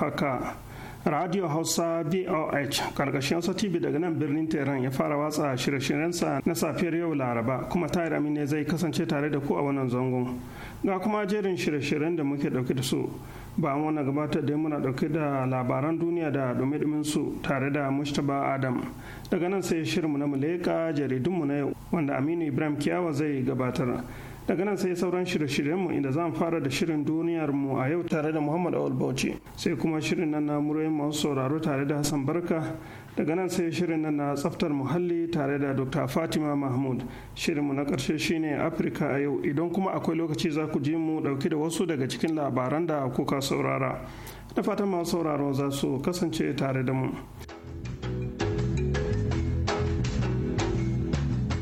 haka radio hausa voh karkashin sati tv daga nan birnin tehran ya fara watsa shirye-shiryensa na safiyar yau laraba kuma tayar amine zai kasance tare da ku a wannan zangon ga kuma jerin shirye-shiryen da muke dauke da su ba wani gabatar da muna dauke da labaran duniya da dumi su tare da mustapha adam daga nan sai shirinmu na muleka jaridunmu na yau wanda aminu ibrahim kiyawa zai gabatar daga nan sai sauran shirye-shiryenmu inda za fara da shirin duniyar mu a yau tare da muhammad awal bauchi sai kuma shirin nan na murayen masu sauraro tare da hassan barka daga nan sai shirin nan na tsaftar muhalli tare da dr fatima mahmud shirinmu na karshe shine afirka a yau idan kuma akwai lokaci za ku ji mu dauki da wasu daga cikin labaran da kuka saurara da fatan masu sauraro za su kasance tare da mu.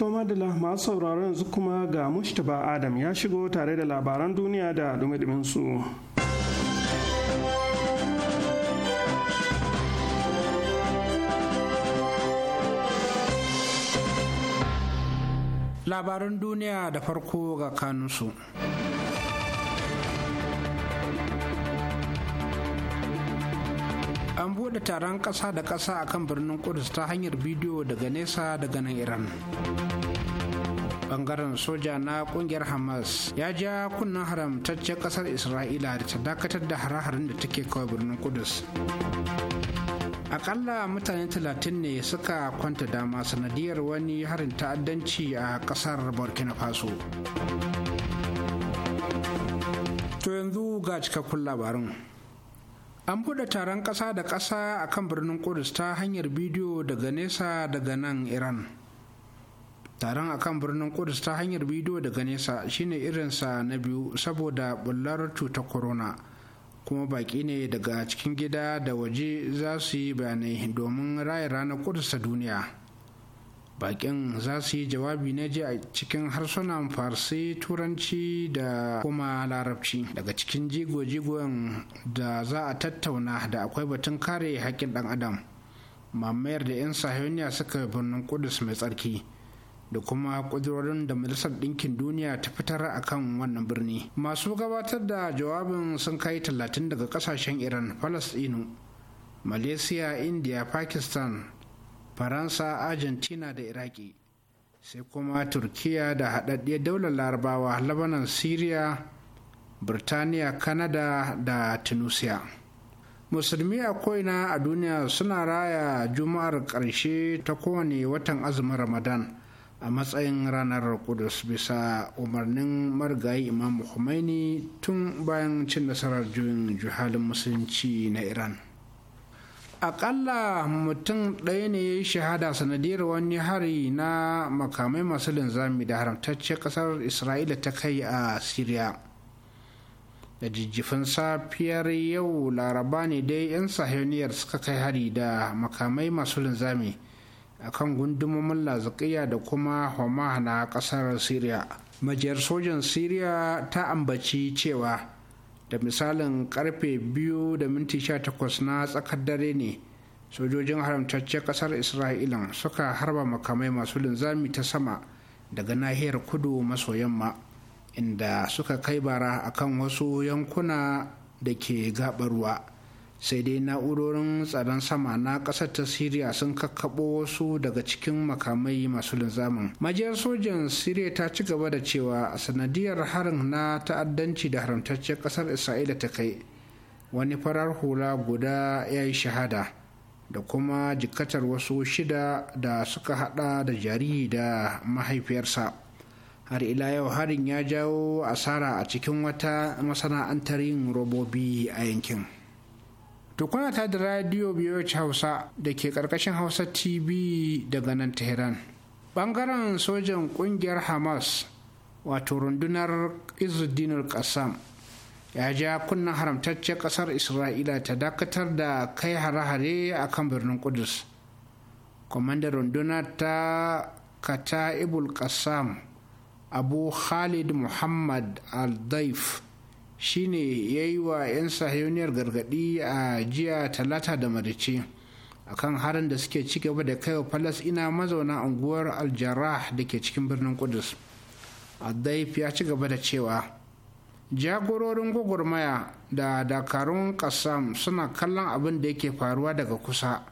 To Madala masu sauraron yanzu kuma ga Mustapha Adam ya shigo tare da labaran duniya da dumi su. Labaran duniya da farko ga kanunsu. da taron ƙasa da ƙasa a kan birnin Kudus ta hanyar bidiyo daga nesa daga nan Iran. Bangaren soja na kungiyar Hamas ya ja kunnen haramtaccen ƙasar Isra'ila da ta dakatar da hare-haren da take kawai birnin Kudus. Akalla mutane talatin ne suka kwanta dama sanadiyar wani harin ta'addanci a ƙasar Burkina Faso. To yanzu ga cikakkun labarin. an buɗe taron ƙasa da ƙasa a kan birnin kudus ta hanyar bidiyo daga nesa daga nan iran taron a kan birnin kudus ta hanyar bidiyo daga nesa shine irinsa na biyu saboda bullar cutar corona kuma baƙi ne daga cikin gida da waje za su yi bayanai domin raya ranar kudus ta duniya bakin za su yi jawabi na ji a cikin harsunan farsi turanci da kuma larabci daga cikin jigo-jigon da za a tattauna da akwai batun kare haƙƙin ɗan adam mamayar da 'yan sahiyoniya suka birnin kudus mai tsarki da kuma ƙudurorin da majalisar ɗinkin duniya ta fitar a kan wannan birni masu gabatar da jawabin sun kai talatin daga ƙasashen iran falasɗinu malaysia india pakistan faransa argentina da iraki sai kuma turkiya da haɗaɗɗiyar daular larabawa labanan syria birtaniya Kanada da tunisia musulmi a ko'ina a duniya suna raya juma'ar ƙarshe ta kowane watan azumin ramadan a matsayin ranar kudus bisa umarnin marigayi imam Khomeini tun bayan cin nasarar juyin juhalin musulunci na iran akalla mutum ɗaya ne ya yi shahada sanadiyar wani hari na makamai masu linzami da haramtacce ƙasar isra'ila ta kai a syria da jijjifin safiyar yau laraba ne dai 'yan sahiyoniyar suka kai hari da makamai masu linzami a kan gundumomin laziƙiya da kuma homa na ƙasar syria majiyar sojan syria ta ambaci cewa da misalin karfe biyu da minti takwas na tsakar dare ne sojojin haramtaccen kasar isra'ila suka harba makamai masu linzami ta sama daga nahiyar kudu maso yamma inda suka kai bara akan wasu yankuna da ke gaɓar ruwa sai dai na'urorin tsaron sama na ƙasar ta siriya sun kakkaɓo wasu daga cikin makamai masu linzamin majiyar sojan siriya ta ci gaba da cewa sanadiyar harin na ta'addanci da haramtaccen ƙasar isra'ila ta kai wani farar hula guda ya yi shahada da kuma jikatar wasu shida da suka hada da jari da mahaifiyarsa har ila yau harin ya jawo asara a cikin wata masana'antar yin robobi a yankin. To kuna ta da radio BOH Hausa da ke karkashin Hausa TV daga nan Tehran. Bangaren sojan kungiyar Hamas wato rundunar izudinul Qassam ya ja kunnen haramtaccen kasar Isra'ila ta dakatar da kai hare-hare a kan birnin Kudus. Kwamandan rundunar ta Kata Ibul Qassam Abu Khalid Muhammad Al-Daif shine ya yi wa 'yan sahiyoniyar gargadi a jiya talata da marice akan harin da suke ci gaba da kaiwa ina mazauna unguwar aljarrah da ke cikin birnin kudus addaif ya ci gaba da cewa jagororin gwagwarmaya da dakarun kasam suna kallon abin da yake faruwa daga kusa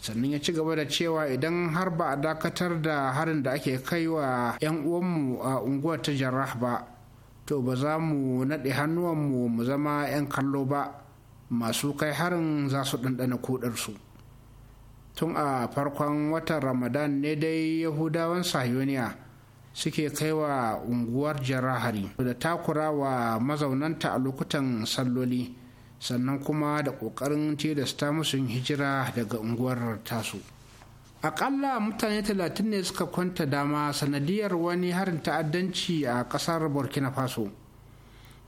sannan ya ci gaba da cewa idan har ba a dakatar da harin da ake kaiwa 'yan uwanmu a unguwar ta jarrah ba to ba za mu naɗe hannuwanmu mu zama 'yan kallo ba masu kai harin za su ɗanɗana kudarsu tun a farkon watan ramadan ne dai yahudawan sahiyoniya suke kai wa unguwar jarahari da takura wa mazaunanta a lokutan salloli sannan kuma da ƙoƙarin tilasta musu hijira daga unguwar tasu akalla mutane 30 ne suka kwanta dama sanadiyar wani harin ta'addanci a kasar burkina faso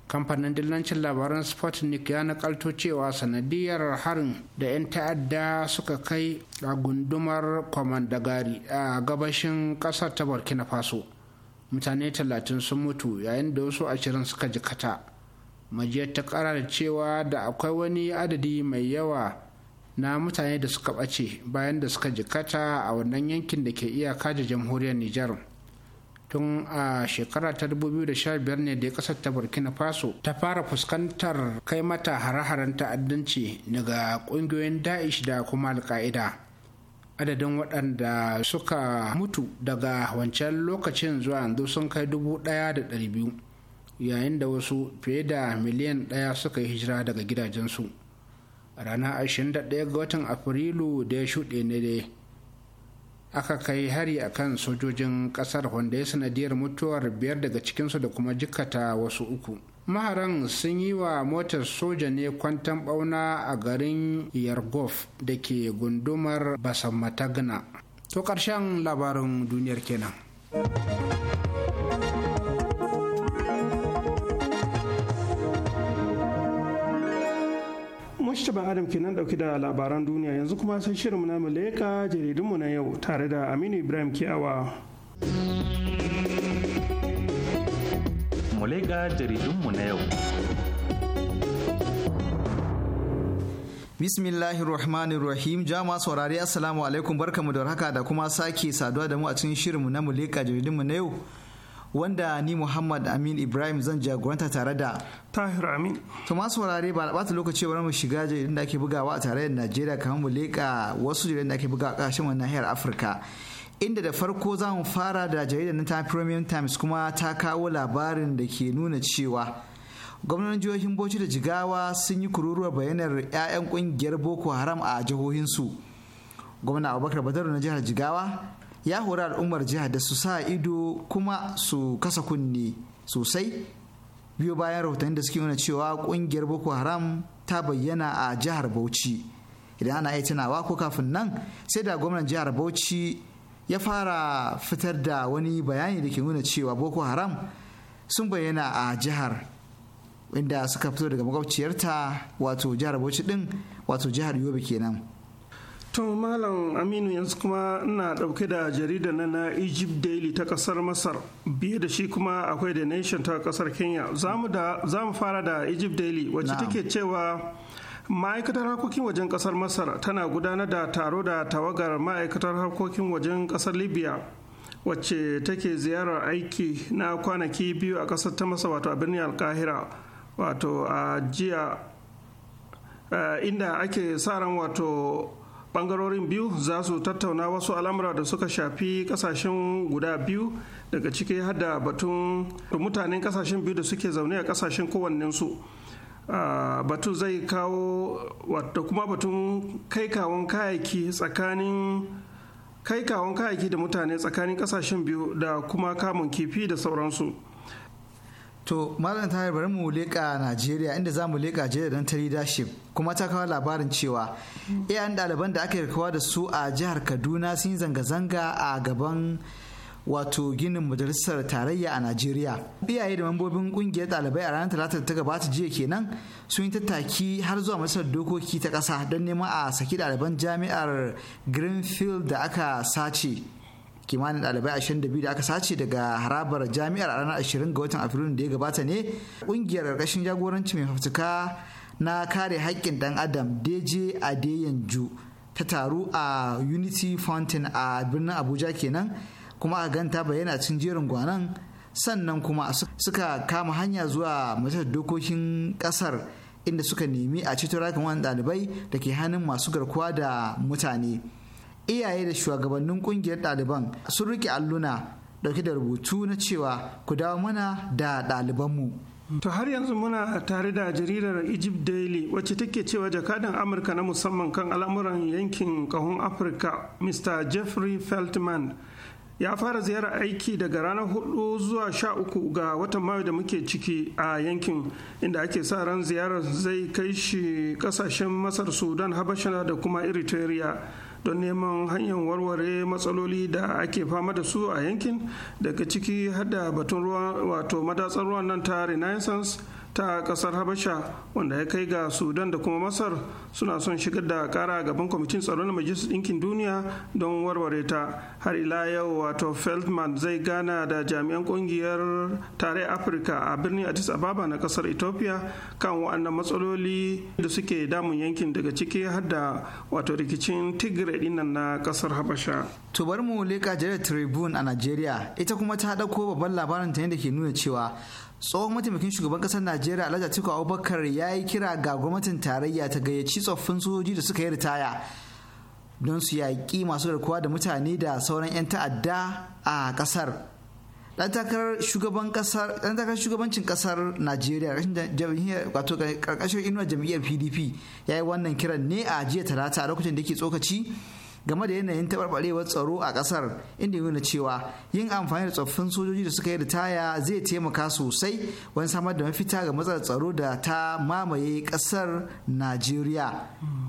kamfanin dillancin labaran sputnik ya nakalto cewa sanadiyar harin da 'yan ta'adda suka kai a gundumar kwamandagari a gabashin kasar ta burkina faso mutane 30 sun mutu yayin da wasu ashirin suka jikata majiyar ta kara da cewa da akwai wani adadi mai yawa na mutane da suka ɓace bayan da suka jikata a wannan yankin da ke iyaka da jamhuriyar Nijar. tun a shekara ta 2015 ne da kasar ta burkina faso ta fara fuskantar kai mata hare-haren ta'addanci daga kungiyoyin da'ish da kuma alka'ida adadin waɗanda suka mutu daga wancan lokacin zuwa yanzu sun kai dubu ɗaya biyu yayin da wasu fiye da miliyan ɗaya suka yi hijira daga gidajensu. Rana ranar 21 ga watan afrilu da ya shuɗe ne dai aka kai hari a kan sojojin ƙasar wanda ya sanadiyar mutuwar biyar daga cikinsu da kuma jikata wasu uku maharan sun yi wa motar soja ne kwantan ɓauna a garin yargof da ke gundumar basamatagna to ƙarshen labarin duniyar kenan. Mustapha Adam kenan dauki da labaran duniya yanzu kuma sai shirin na mu jaridun jaridunmu na yau tare da Aminu Ibrahim kiawa. Mu jaridun jaridunmu na yau. Bismillahir Rahmanir Rahim jama saurari Assalamu alaikum barkamu da haka da kuma sake saduwa da mu a cikin shirinmu na mu jaridun jaridunmu na yau. wanda ni Muhammad Amin Ibrahim zan jagoranta tare da Tahir Amin. To masu wurare ba bata lokaci bari mu shiga jaridun da ake bugawa a tarayyar Najeriya kamar mu leka wasu jaridun da ake bugawa a ƙarshen wannan nahiyar Afirka. Inda da farko za mu fara da jaridar na ta Premium Times kuma ta kawo labarin da ke nuna cewa gwamnan jihohin Bauchi da Jigawa sun yi kururuwar bayanar 'ya'yan kungiyar Boko Haram a jihohinsu. Gwamna Abubakar Badaru na jihar Jigawa ya hori al'ummar jihar da su sa ido kuma su kasa kunne sosai biyo bayan rahotanni da suke nuna cewa kungiyar boko haram ta bayyana a jihar bauchi idan ana iya tunawa ko kafin nan sai da gwamnan jihar bauchi ya fara fitar da wani bayani da ke nuna cewa boko haram sun bayyana a jihar inda suka fito daga makwabciyarta wato jihar bauchi din wato jihar yobe kenan To Malam Aminu yanzu kuma ina ɗauke da jaridar na na Egypt Daily ta ƙasar Masar biye da shi kuma akwai da Nation ta ƙasar Kenya. Za mu fara da Egypt Daily wacce take cewa ma'aikatar harkokin wajen kasar Masar tana gudanar da taro da tawagar ma'aikatar harkokin wajen ƙasar Libya wacce take ziyarar aiki na kwanaki biyu a ƙasar ta Masar wato a birnin Alkahira wato a jiya eh, inda ake sa ran wato bangarorin biyu za su tattauna wasu al'amura da suka shafi kasashen guda biyu daga ciki hada batun mutanen kasashen biyu da suke zaune a kasashen kowannensu batun zai kawo da kuma batun kaikawan kayaki tsakanin kaikawan kayaki da mutane tsakanin kasashen biyu da kuma kamun kifi da sauransu To Malam Tahir bari mu leƙa Najeriya inda za mu leƙa Najeriya don ta leadership kuma ta kawo labarin cewa iyayen ɗaliban da aka kawa da su a jihar Kaduna sun yi zanga-zanga a gaban wato ginin majalisar tarayya a Najeriya. Iyaye da mambobin ƙungiyar ɗalibai a ranar da ta gabata jiya kenan sun yi tattaki har zuwa masar dokoki ta ƙasa don neman a saki ɗaliban jami'ar Greenfield da aka sace. kimanin ɗalibai ashirin da biyu da aka sace daga harabar jami'ar a ranar ashirin ga watan afrilun da ya gabata ne kungiyar ƙarƙashin jagoranci mai fafutuka na kare haƙƙin ɗan adam deje adeyanju ta taru a unity fountain a birnin abuja kenan kuma a ganta bayyana cin jerin gwanan sannan kuma suka kama hanya zuwa majalisar dokokin ƙasar inda suka nemi a ceto rakin wani ɗalibai da ke hannun masu garkuwa da mutane iyaye da shugabannin kungiyar ɗaliban sun rike alluna dauke da rubutu na cewa ku dawo mana da ɗalibanmu. To har yanzu muna tare da jaridar Egypt Daily wacce take cewa jakadan Amurka na musamman kan al'amuran yankin kahon Afirka Mr. Jeffrey Feltman ya fara ziyarar aiki daga ranar 4 zuwa sha uku ga watan Mayu da muke ciki a yankin inda ake sa ran ziyarar zai kai shi kasashen Masar Sudan Habasha da kuma Eritrea. don neman hanyar warware matsaloli da ake fama da su a yankin daga ciki hada batun ruwa wato madatsar ruwan nan ta renaissance ta kasar habasha wanda ya kai ga sudan da kuma masar suna son shigar da kara gaban kwamitin tsaro na majalisar ɗinkin duniya don warware ta har ila yau wato feldman zai gana da jami'an kungiyar tare afirka a birnin addis ababa na kasar ethiopia kan wa'annan matsaloli da suke damun yankin daga ciki har da wato rikicin tigray dinnan na kasar habasha to mu leka jaridar tribune a nigeria ita kuma ta ɗauko babban labarin ta ne da ke nuna cewa tsohon mataimakin shugaban kasar najeriya alhaji atiku abubakar ya yi kira ga gwamnatin tarayya ta gayyaci tsoffin sojoji da suka yi ritaya don su yaƙi masu garkuwa da mutane da sauran 'yan ta'adda a kasar dan takarar shugabancin kasar Najeriya karkashin inuwar jam'iyyar PDP yi wannan kiran ne a jiya talata a lokacin da ke tsokaci game da yanayin taɓarɓarewar tsaro a ƙasar inda nuna cewa yin amfani da tsoffin sojoji da suka yi taya zai taimaka sosai wani samar da mafita ga matsalar tsaro da ta mamaye ƙasar najeriya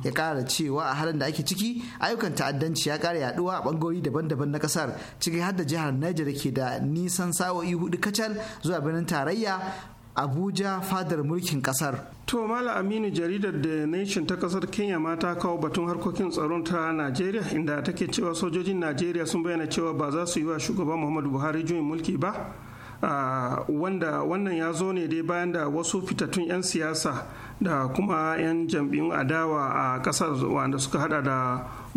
ya ƙara cewa a halin da ake ciki ayyukan ta'addanci ya ƙara yaɗuwa a ɓangarori daban-daban na ƙasar ciki har da jihar niger ke da nisan sa'o'i hudu kacal zuwa birnin tarayya abuja fadar mulkin kasar To Mala Aminu jaridar The Nation ta kasar Kenya ma ta kawo batun harkokin tsaron ta Najeriya inda take cewa sojojin Najeriya sun bayyana cewa ba za su yi wa shugaban Muhammadu Buhari juyin mulki ba. wanda wannan ya zo ne dai bayan da wasu fitattun 'yan siyasa da kuma 'yan jam'iyyun adawa a kasar wanda suka hada da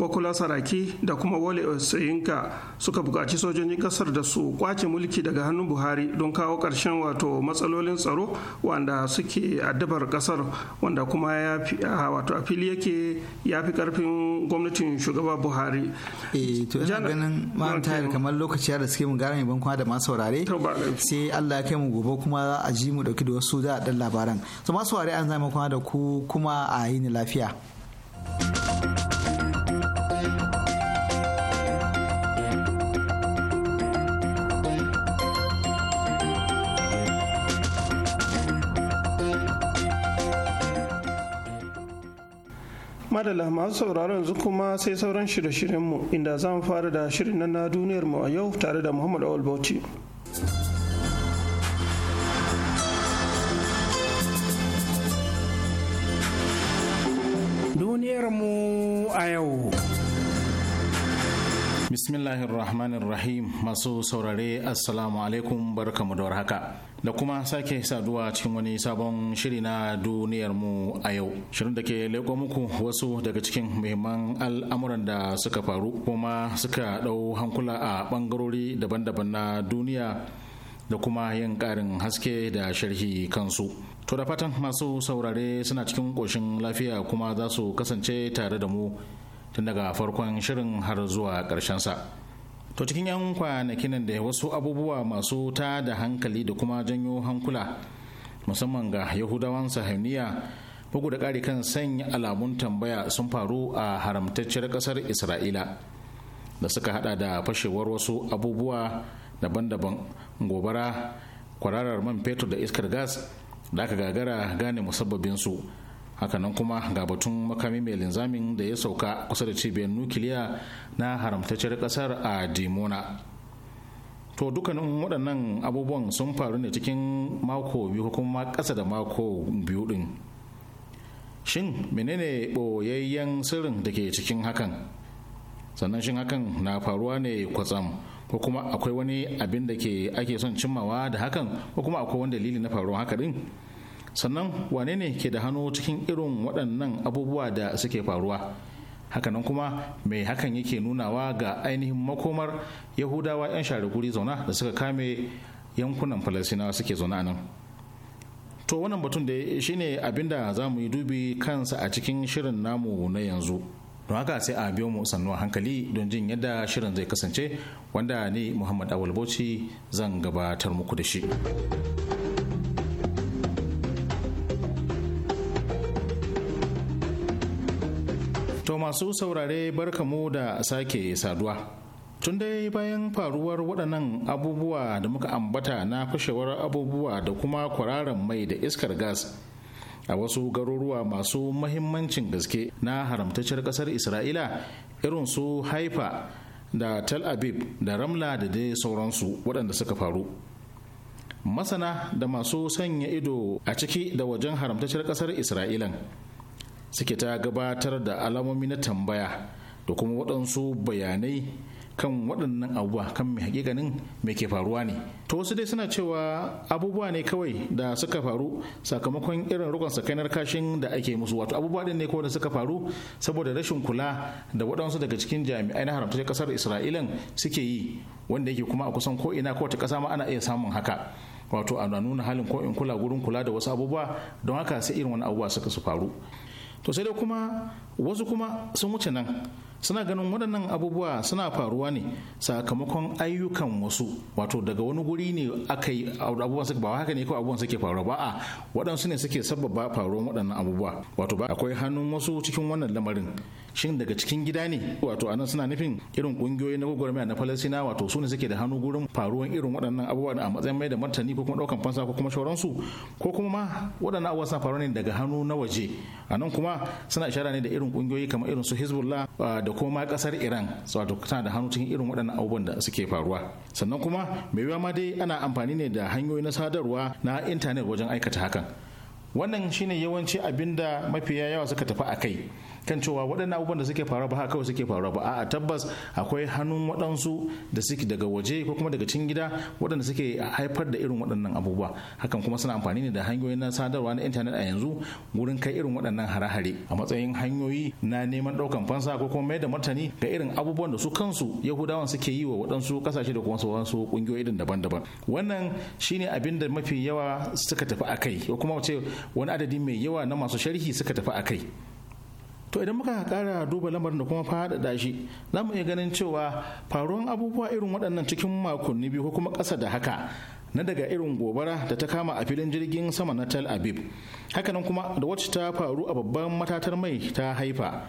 Bokula Saraki da kuma Wole Soyinka suka buƙaci sojojin ƙasar da su kwace mulki daga hannun Buhari don kawo ƙarshen wato matsalolin tsaro wanda suke addabar ƙasar wanda kuma ya fi wato a fili yake ya fi ƙarfin gwamnatin shugaba Buhari. Eh to ina ganin ma'am tayar kamar lokaci da suke mu gane mai kuma da masu saurare sai Allah ya kai mu gobe kuma a ji mu dauki da wasu da dan labaran. So masu saurare an zama kuma da ku kuma a yi ni lafiya. Madala masu sauraro yanzu kuma sai sauran shirye-shiryenmu inda za mu fara da shirin nan na duniyar mu a yau tare da muhammad awal bauchi duniyar mu a yau bismillahirrahmanirrahim masu saurare assalamu alaikum barkamu da warhaka da kuma sake saduwa cikin wani sabon shiri na duniyar mu a yau shirin da ke leko muku wasu daga cikin muhimman al'amuran da suka faru kuma suka ɗau hankula a ɓangarori daban-daban na duniya da kuma yin ƙarin haske da sharhi kansu to da fatan masu saurare suna cikin ƙoshin lafiya kuma za su kasance tare da mu tun daga farkon shirin har zuwa ƙarshensa. sa to cikin 'yan kwanakin da wasu abubuwa masu ta da hankali da kuma janyo hankula musamman ga yahudawan sahiniya bugu da ƙari kan sanya alamun tambaya sun faru a haramtacciyar ƙasar isra'ila da suka hada da fashewar wasu abubuwa daban-daban gobara kwararar man fetur da iskar gas da aka gagara gane musabbabinsu su hakanan kuma ga batun makami mai linzamin da ya sauka kusa da cibiyar nukiliya na haramtacciyar kasar a dimona to dukkanin waɗannan abubuwan sun faru ne cikin mako biyu ko kuma ƙasa da mako biyu ɗin shin menene ɓoyayyen sirrin da ke cikin hakan sannan shin hakan na faruwa ne kwatsam ko kuma akwai wani abin da ke ake son cimmawa da hakan ko kuma akwai wani dalili na faruwa haka ɗin sannan wane ne ke da hannu cikin irin waɗannan abubuwa da suke faruwa hakanan kuma mai hakan yake nunawa ga ainihin makomar yahudawa 'yan share zauna da suka kame yankunan falasinawa suke zauna nan to wannan batun da shine abinda za mu yi dubi kansa a cikin shirin namu na yanzu don haka sai a biyo mu sannu a hankali don jin yadda shirin zai kasance wanda ni muhammad awal bauchi zan gabatar muku da shi To masu saurare barkamu da sake saduwa. Tun dai bayan faruwar waɗannan abubuwa da muka ambata na fashewar abubuwa da kuma kwararan mai da iskar gas a wasu garuruwa masu mahimmancin gaske na haramtacciyar ƙasar Isra'ila irin su haifa da Tel Aviv da Ramla da dai sauransu waɗanda suka faru. Masana da masu sanya ido a ciki da wajen haramtacciyar ƙasar Isra'ilan. suke ta gabatar da alamomi na tambaya da kuma waɗansu bayanai kan waɗannan abubuwa kan mai hakikanin mai ke faruwa ne to wasu dai suna cewa abubuwa ne kawai da suka faru sakamakon irin rukun sakainar kashin da ake musu wato abubuwa ne kawai da suka faru saboda rashin kula da waɗansu daga cikin jami'ai na haramta kasar isra'ilan suke yi wanda yake kuma a kusan ko'ina kowace ƙasa ma ana iya samun haka wato ana nuna halin ko in kula gurin kula da wasu abubuwa don haka sai irin wani abubuwa suka su faru to sai dai kuma wasu kuma sun wuce nan suna ganin waɗannan abubuwa suna faruwa ne sakamakon ayyukan wasu wato daga wani guri ne aka yi abubuwan suke ba haka ne kawai abubuwan suke faruwa ba a waɗansu ne suke sababa faruwar waɗannan abubuwa wato ba akwai hannun wasu cikin wannan lamarin shin daga cikin gida ne wato anan suna nufin irin kungiyoyi na gwagwarmaya na falasina wato su ne suke da hannu gurin faruwan irin waɗannan abubuwa a matsayin mai da martani ko kuma ɗaukan fansa ko kuma shauransu ko kuma ma waɗannan abubuwa suna faruwa ne daga hannu na waje anan kuma suna ishara ne da irin kungiyoyi kamar irin su hezbollah ah, da da kuma ma kasar iran wato tana da hannu cikin irin waɗannan abubuwan da suke faruwa sannan kuma mai yiwuwa ma dai ana amfani ne da hanyoyi na sadarwa na intanet wajen aikata hakan wannan shine yawanci abinda da mafiya yawa suka tafi a kai kan cewa waɗannan abubuwan da suke faruwa ba haka kawai suke faruwa ba a tabbas akwai hannun waɗansu da suke daga waje ko kuma daga cikin gida waɗanda suke haifar da irin waɗannan abubuwa hakan kuma suna amfani ne da hanyoyin na sadarwa na intanet a yanzu wurin kai irin waɗannan hare-hare a matsayin hanyoyi na neman ɗaukan fansa ko kuma mai da martani ga irin abubuwan da su kansu yahudawan suke yi wa waɗansu ƙasashe da kuma sauransu ƙungiyoyi irin daban-daban wannan shine abin da mafi yawa suka tafi a kai ko kuma ce wani adadi mai yawa na masu sharhi suka tafi a kai to idan muka kara duba lamarin da kuma faɗaɗa shi za mu iya ganin cewa faruwan abubuwa irin waɗannan cikin makonni biyu ko kuma ƙasa da haka na daga irin gobara da ta kama a filin jirgin sama na tel aviv hakanan kuma da wacce ta faru a babban matatar mai ta haifa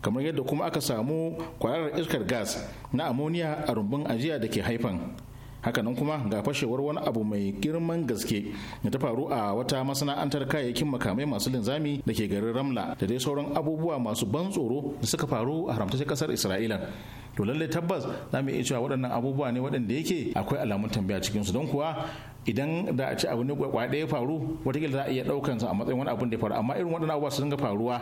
kamar yadda kuma aka samu kwararar iskar gas na amoniya a rumbun ajiya da ke haifan hakanan kuma ga fashewar wani abu mai girman gaske da ta faru a wata masana'antar kayayyakin makamai masu linzami da ke garin ramla da dai sauran abubuwa masu ban tsoro da suka faru a haramtaccen kasar isra'ila to lallai tabbas za mu iya cewa waɗannan abubuwa ne waɗanda yake akwai alamun tambaya su don kuwa idan da a ce abu ne kwakwa ɗaya faru watakila za a iya ɗaukansa a matsayin wani abun da ya faru amma irin waɗannan abubuwa su dinga faruwa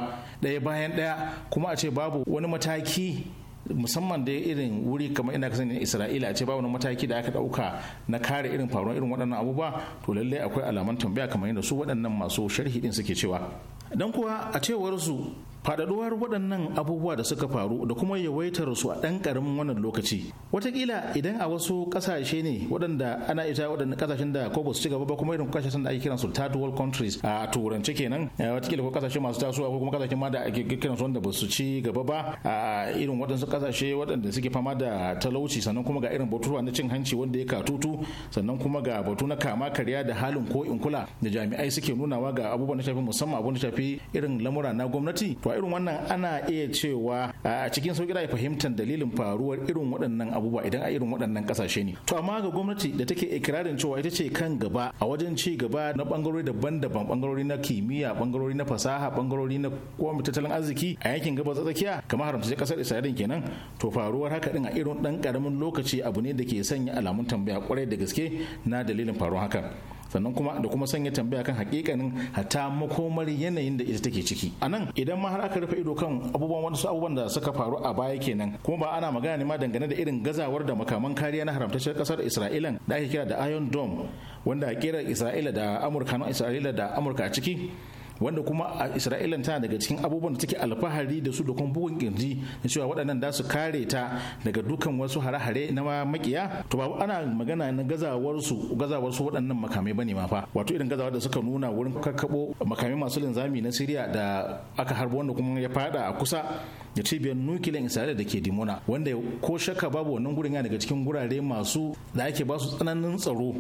ɗaya bayan ɗaya kuma a ce babu wani mataki musamman da irin wuri kamar ina kasan isra'ila ce ba wani mataki da aka dauka na kare irin faruwar irin waɗannan abubuwa to lallai akwai alaman tambaya kamar yadda su waɗannan masu sharhi din suke cewa dan kuwa a cewar su faɗaɗuwar waɗannan abubuwa da suka faru da kuma yawaitar su a ɗan ƙaramin wannan lokaci wataƙila idan a wasu ƙasashe ne waɗanda ana ita waɗanda ƙasashen da ko su ci gaba ba kuma irin ƙasashen da ake kiran su third world countries a turance kenan eh, wataƙila ko ƙasashe masu tasowa ko kuma ƙasashen ma da ake kiran su wanda ba su ci gaba ba a irin waɗansu ƙasashe waɗanda suke fama da talauci sannan kuma ga irin batutuwa na cin hanci wanda ya katutu sannan kuma ga batu na kama karya da halin ko in kula da jami'ai suke nunawa ga abubuwan da shafi musamman abun da shafi irin lamura na gwamnati to irin wannan ana iya cewa a cikin sauki da fahimtar dalilin faruwar irin waɗannan abubuwa idan a irin waɗannan ƙasashe ne to amma ga gwamnati da take ikirarin cewa ita ce kan gaba a wajen ci gaba na bangarori daban-daban bangarori na kimiyya bangarori na fasaha bangarori na kuma tattalin arziki a yankin gabas tsakiya kamar haramta kasar isra'ila kenan to faruwar haka din a irin ɗan ƙaramin lokaci abu ne da ke sanya alamun tambaya kwarai da gaske na dalilin faruwar haka. sannan kuma da kuma sanya tambaya kan hakikanin hatta makomar yanayin da ita take ciki a nan idan ma har aka rufe ido kan abubuwan wasu abubuwan da suka faru a baya kenan kuma ba ana magana ne ma dangane da irin gazawar da makaman kariya na haramtacciyar kasar isra'ilan da ake kira da iron dome wanda a kera isra'ila da amurka na isra'ila da amurka a ciki wanda kuma a isra'ilan tana daga cikin abubuwan da take alfahari da su da kuma bugun kirji na cewa waɗannan za su kare ta daga dukan wasu hare-hare na makiya to ba ana magana na gazawar su gazawar su waɗannan makamai bane ma fa wato irin gazawar da suka nuna wurin kakkabo makamai masu linzami na Siriya da aka harbo wanda kuma ya fada a kusa da cibiyar nukiliyar isra'ila da ke dimona wanda ko shakka babu wannan gurin ya daga cikin gurare masu da ake ba su tsananin tsaro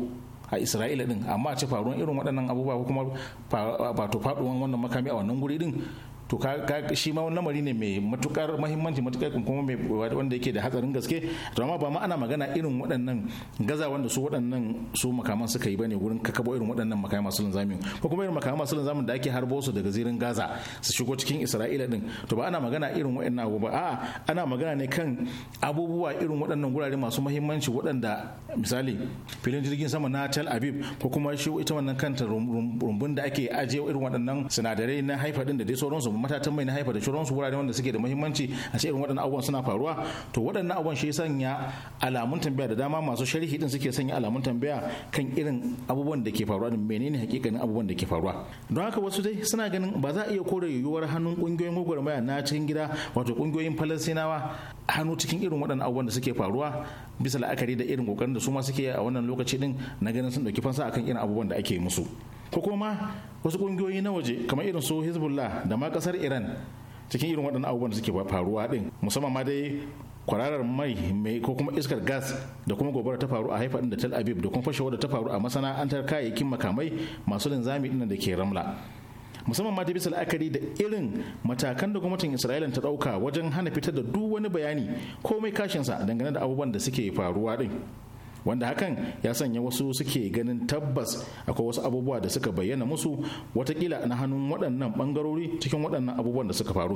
a isra'ila din amma a ce faruwan irin waɗannan abubuwa ko kuma wato faɗuwan wannan makami a wannan guri din to shi ma wani lamari ne mai matukar mahimmanci matukar kuma mai wanda yake da hatsarin gaske to amma ba ma ana magana irin waɗannan gaza wanda su waɗannan su makaman suka yi bane wurin kakabo irin waɗannan makamai masu linzamin. ko kuma irin makamai masu linzamin da ake harbo su daga zirin gaza su shigo cikin isra'ila din to ba ana magana irin waɗannan abu ba a'a ana magana ne kan abubuwa irin waɗannan gurare masu mahimmanci waɗanda misali filin jirgin sama na tel aviv ko kuma shi ita wannan kanta rumbun da ake ajiye irin waɗannan sinadarai na haifa din da dai sauransu matatan mai na haifa da shuransu wurare wanda suke da muhimmanci a ce irin waɗannan abubuwan suna faruwa to waɗannan abubuwan shi sanya alamun tambaya da dama masu sharhi din suke sanya alamun tambaya kan irin abubuwan da ke faruwa da menene hakikanin abubuwan da ke faruwa don haka wasu dai suna ganin ba za a iya kore yiwuwar hannun kungiyoyin gwagwarmaya na cikin gida wato kungiyoyin falastinawa hannu cikin irin waɗannan abubuwan da suke faruwa bisa la'akari da irin kokarin da su ma suke a wannan lokaci din na ganin sun ɗauki fansa akan irin abubuwan da ake musu ko kuma wasu kungiyoyi na waje kamar irin su hezbollah da ma kasar iran cikin irin waɗannan abubuwan da suke faruwa din musamman ma dai kwararar mai mai ko kuma iskar gas da kuma gobara ta faru a haifa din da tel aviv da kuma fashewar da ta faru a masana'antar kayayyakin makamai masu linzami ɗin da ke ramla musamman ma ta bisa la'akari da irin matakan da gwamnatin isra'ila ta ɗauka wajen hana fitar da duk wani bayani komai kashinsa dangane da abubuwan da suke faruwa ɗin wanda hakan ya sanya wasu suke ganin tabbas akwai wasu abubuwa da suka bayyana musu watakila na hannun waɗannan ɓangarori cikin waɗannan abubuwan da suka faru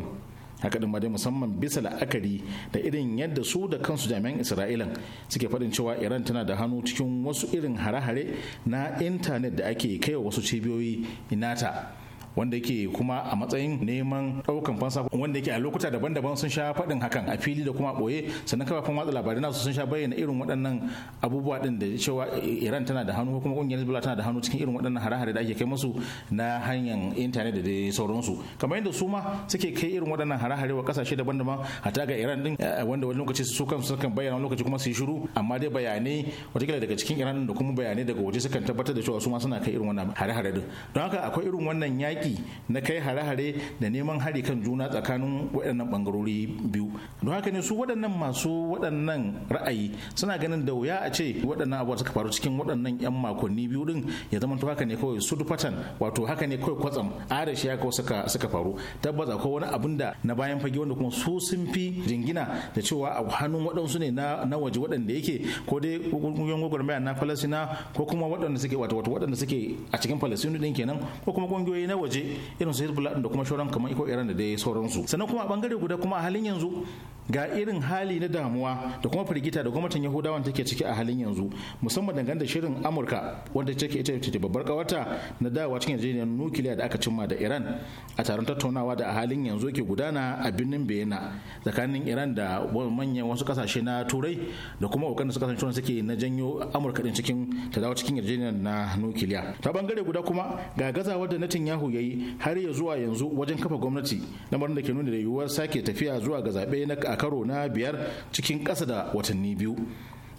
haka ɗin dai musamman bisa la'akari da irin yadda su da kansu jami'an isra'ilan suke faɗin cewa iran tana da hannu cikin wasu irin hare-hare na intanet da ake kaiwa wasu cibiyoyi inata wanda yake kuma a matsayin neman ɗaukan fansa wanda yake a lokuta daban-daban sun sha faɗin hakan a fili da kuma ɓoye sannan kafafen watsa labarai nasu sun sha bayyana irin waɗannan abubuwa ɗin da cewa iran tana da hannu kuma ƙungiyar hezbollah tana da hannu cikin irin waɗannan hare-hare da ake kai musu na hanyar intanet da dai sauransu kamar yadda su ma suke kai irin waɗannan hare-hare wa ƙasashe daban-daban hatta ga iran ɗin eh, wanda wani lokaci su kansu sukan bayyana wani lokaci kuma su yi shiru amma dai bayanai watakila daga cikin iran da kuma bayanai daga waje sukan tabbatar da cewa su ma suna kai irin wannan hare-hare din don haka akwai irin wannan yaƙi yaƙi na kai hare-hare da neman hari kan juna tsakanin waɗannan ɓangarori biyu don haka ne su waɗannan masu waɗannan ra'ayi suna ganin da wuya a ce waɗannan abuwa suka faru cikin waɗannan 'yan makonni biyu din ya zama to haka ne kawai su dufatan wato haka ne kawai kwatsam arashi ya kawai suka suka faru tabbas akwai wani abun da na bayan fage wanda kuma su sun fi jingina da cewa a hannun waɗansu ne na waje waɗanda yake ko dai ƙungiyoyin gwagwarmaya na falasina ko kuma waɗanda suke wato waɗanda suke a cikin falasinu ɗin kenan ko kuma ƙungiyoyi na waje waje irin su hezbollah da kuma shauran kamar iko iran da dai sauransu sannan kuma a bangare guda kuma a halin yanzu ga irin hali na damuwa da kuma firgita da gwamnatin yahudawa take ciki a halin yanzu musamman dangane da shirin amurka wanda take ita ce babbar kawarta na dawowa cikin yarjejeniyar nukiliya da aka cimma da iran a taron tattaunawa da a halin yanzu ke gudana a birnin Be'ana tsakanin iran da manyan wasu kasashe na turai da kuma kokarin su cewa suke na janyo amurka din cikin ta dawo cikin yarjejeniyar na nukiliya ta bangare guda kuma ga gazawar da yahu ya yi har ya zuwa yanzu wajen kafa gwamnati lamarin da ke nuna da yiwuwar sake tafiya zuwa ga zaɓe na karo na biyar cikin ƙasa da watanni biyu